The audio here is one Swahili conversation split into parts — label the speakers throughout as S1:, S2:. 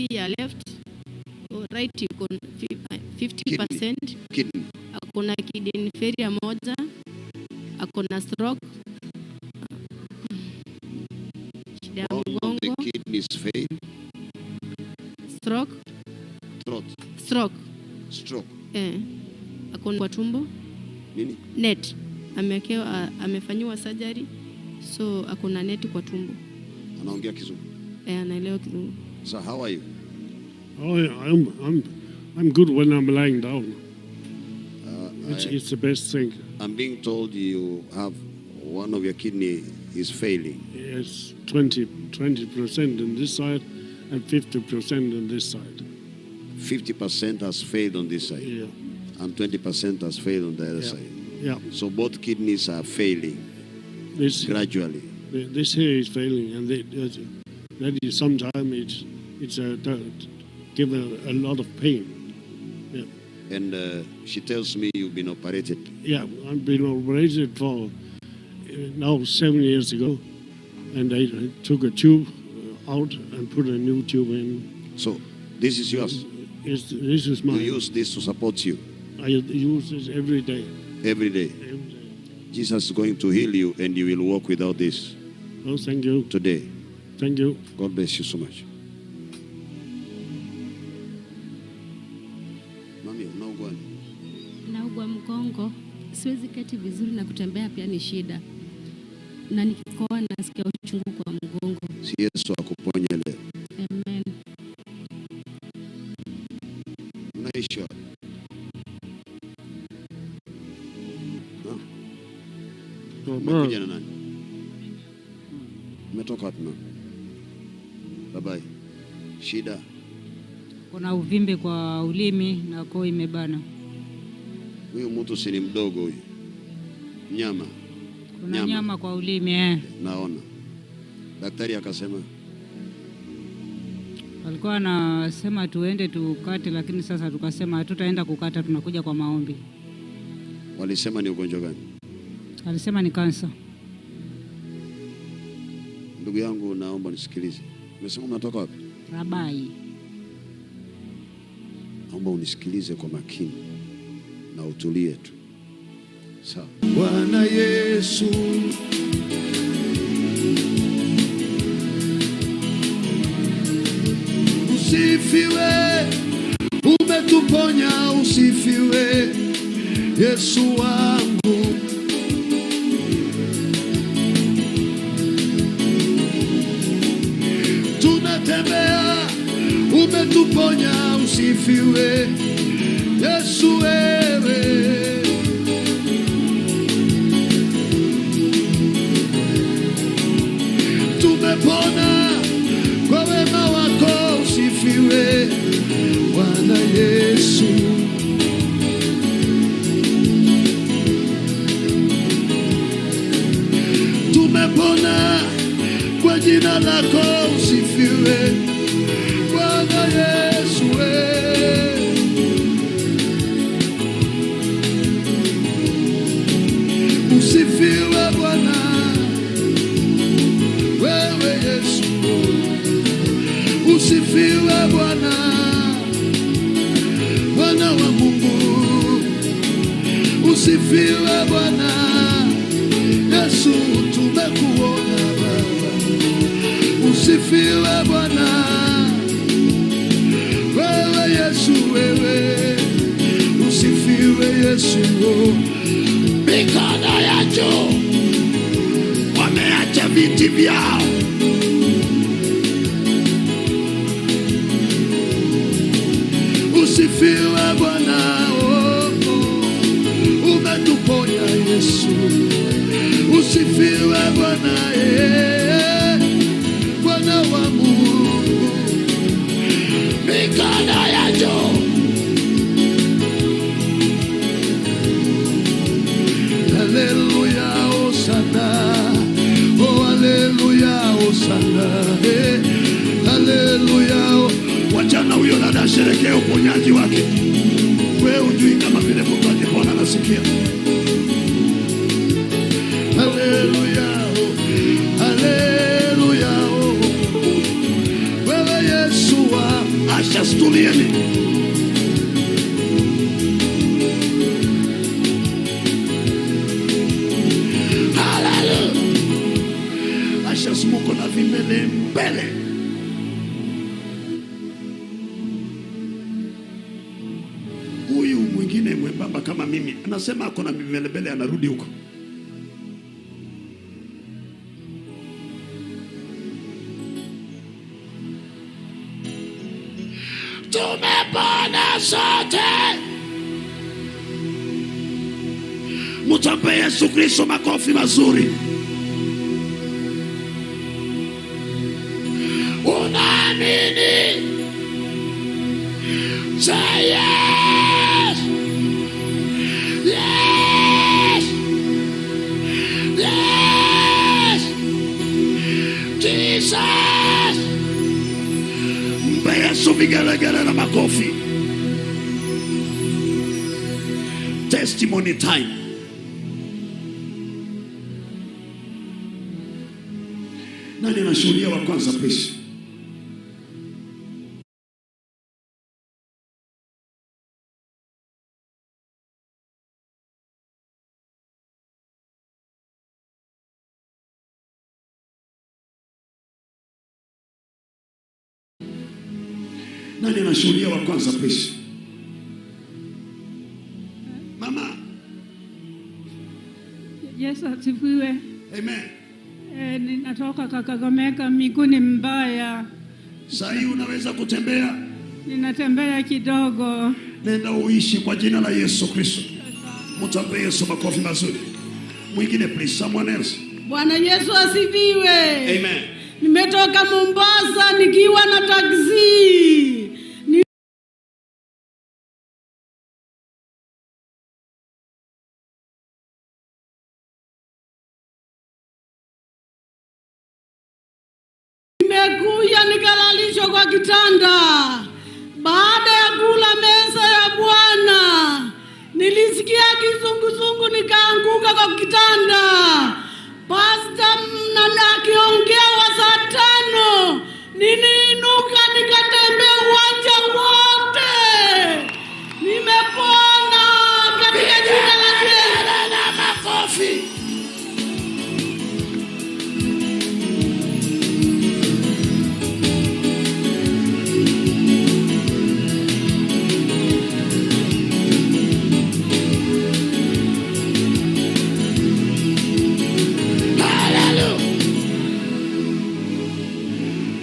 S1: hii ya left right iko 50%. Eh, kidney. Akona kidney failure moja, akona stroke,
S2: shida ya mgongo, kidneys fail, stroke, throat, stroke, stroke.
S1: Eh, akona kwa tumbo nini, net amekewa, amefanyiwa surgery so akona net kwa tumbo. Anaongea Kizungu eh, anaelewa Kizungu.
S2: So how are you?
S3: Oh, I'm, I'm, I'm good when I'm lying down. Uh, it's, I, it's the best thing.
S2: I'm being told you have one of your kidney is failing.
S3: Yes, 20, 20% on this side and 50% on this side.
S2: 50% has failed on this side. Yeah. And 20% has failed on the other yeah. side.
S3: Yeah. So
S2: both kidneys are failing this, gradually.
S3: This here is failing, and they, that is sometimes it's it's a, give a, a lot of pain.
S2: Yeah. And uh, she tells me you've been operated.
S3: Yeah, I've been operated for uh, now seven years ago, and I took a tube uh, out and put a new tube in.
S2: So this is yours.
S3: It's, this is mine.
S2: You use this to support you.
S3: I use this every day.
S2: Every day. Every day. Jesus is going to heal you, and you will walk without this. Oh, thank you. Today. Thank you. God bless you so much.
S1: mgongo, siwezi keti vizuri na kutembea pia ni shida, na nikikoa nasikia uchungu kwa mgongo.
S2: Si Yesu akuponye leo. Amen. Mnaisha umekuja na nani? Umetoka wapi mama? Babai, shida
S1: kuna uvimbe kwa ulimi na koo imebana.
S2: Huyu mtu si ni mdogo huyu, nyama
S1: kuna nyama, nyama kwa ulimi eh.
S2: Naona daktari akasema,
S1: walikuwa anasema tuende tukate, lakini sasa tukasema hatutaenda kukata, tunakuja kwa maombi.
S2: Walisema ni ugonjwa gani?
S1: Alisema ni kansa.
S2: Ndugu yangu, naomba nisikilize. Umesema unatoka wapi? Rabai. Naomba unisikilize kwa makini na utulie tu. Sawa.
S4: Bwana Yesu usifiwe, umetuponya, usifiwe Yesu wangu, tunatembea, umetuponya, usifiwe Yesu wangu. Napona kwa jina lako usifiwe, Bwana Yesu. Usifiwe Bwana wewe Yesu, usifiwe Bwana Bwana wa Mungu, usifiwe Bwana Yesu nitakuona Baba, usifiwe Bwana Baba Yesu, wewe usifiwe Yesu. Mikono ya juu, wameacha viti vyao usifiwe Bwana, oh, oh, umetuponya Yesu Asifiwe Bwana ee, Bwana wa Mungu. Mikono ya juu Haleluya, oh,
S2: eh, Wachana huyo dada asherekee uponyaji wake, we ujui kama vile Mungu angepona nasikia Achas tulieni. muko na vimele mbele. Huyu mwingine mwembamba kama mimi anasema ako na vimele mbele, anarudi huko.
S4: zote. Mtampe Yesu Kristo makofi mazuri. Unaamini? Say yes. Yes. Yes. Jesus.
S2: Mpe Yesu vigelegele na makofi. testimony time. Nani anashuhudia wa kwanza please? Nani anashuhudia wa kwanza please?
S5: Yes, asifiwe. Amen. E, ninatoka Kakagomeka, miguu ni mbaya.
S2: Saa hii unaweza kutembea?
S5: Ninatembea kidogo.
S2: Nenda uishi kwa jina la Yesu Kristo. Yesu makofi mazuri. Mwingine please, someone else.
S6: Bwana Yesu asifiwe. Amen. Nimetoka Mombasa nikiwa na taksi Mungu nikaanguka kwa kitanda.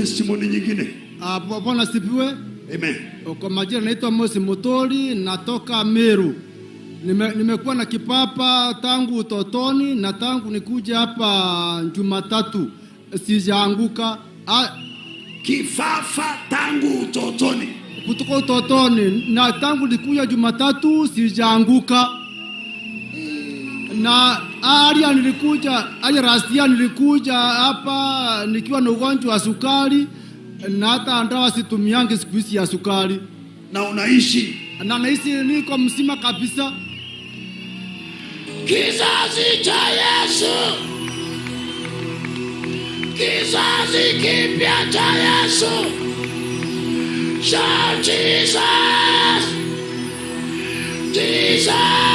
S2: testimony nyingine?
S7: Ah, Bwana sipiwe. Amen. Oh, kwa majina naitwa Mosi Motori, natoka Meru. Nime, nimekuwa na kipapa tangu utotoni na tangu nikuja hapa Jumatatu sijaanguka.
S2: Kifafa tangu utotoni,
S7: kutoka utotoni na tangu nikuja Jumatatu sijaanguka na aria nilikuja aria rastia nilikuja hapa nikiwa na ugonjwa wa sukari na hata ndawa situmiange siku hizi ya sukari.
S2: Na unaishi
S7: na naishi, niko msima kabisa.
S4: Kizazi cha Yesu, kizazi kipya cha Yesu, shout Jesus, Jesus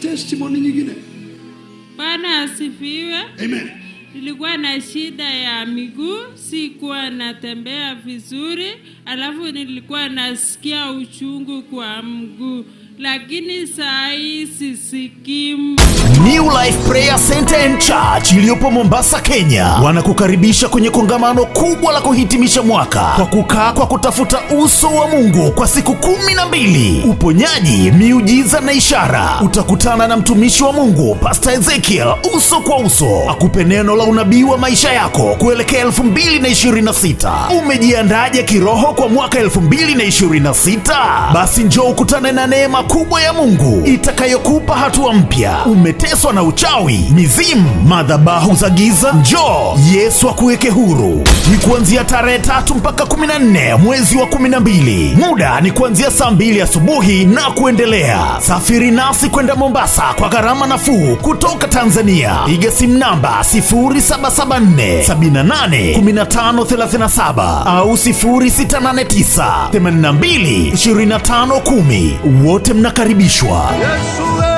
S2: testimony nyingine.
S8: Bwana asifiwe. Amen. Nilikuwa na shida ya miguu, sikuwa natembea vizuri, alafu nilikuwa nasikia uchungu kwa mguu lakini saa hii sisikimu.
S9: New Life Prayer Center and Church iliyopo Mombasa, Kenya, wanakukaribisha kwenye kongamano kubwa la kuhitimisha mwaka kwa kukaa kwa kutafuta uso wa Mungu kwa siku kumi na mbili, uponyaji, miujiza na ishara. Utakutana na mtumishi wa Mungu Pastor Ezekiel uso kwa uso, akupe neno la unabii wa maisha yako kuelekea sita. Umejiandaje kiroho kwa mwaka sita? Basi njoo ukutane na neema makubwa ya Mungu itakayokupa hatua mpya. Umeteswa na uchawi, mizimu, madhabahu za giza? Njoo Yesu akuweke huru. Ni kuanzia tarehe tatu mpaka kumi na nne mwezi wa kumi na mbili. Muda ni kuanzia saa mbili asubuhi na kuendelea. Safiri nasi kwenda Mombasa kwa gharama nafuu kutoka Tanzania. Piga simu namba 0774781537 au 0689 wote mnakaribishwa Yesu.